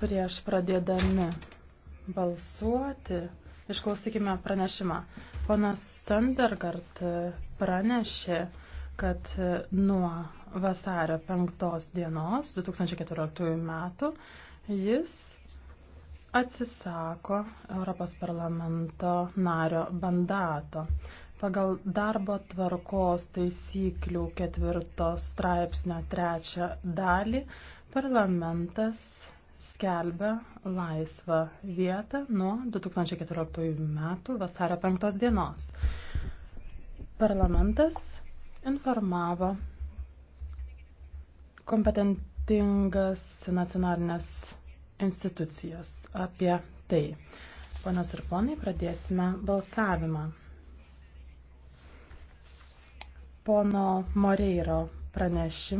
Prieš pradėdami balsuoti, išklausykime pranešimą. Ponas Sandergard pranešė, kad nuo vasario 5 dienos 2014 metų jis atsisako Europos parlamento nario mandato. Pagal darbo tvarkos taisyklių ketvirto straipsnio trečią dalį parlamentas skelbia laisvą vietą nuo 2014 metų vasario 5 dienos. Parlamentas informavo kompetentingas nacionalinės institucijas apie tai. Ponios ir ponai, pradėsime balsavimą. Pono Moreiro pranešimą.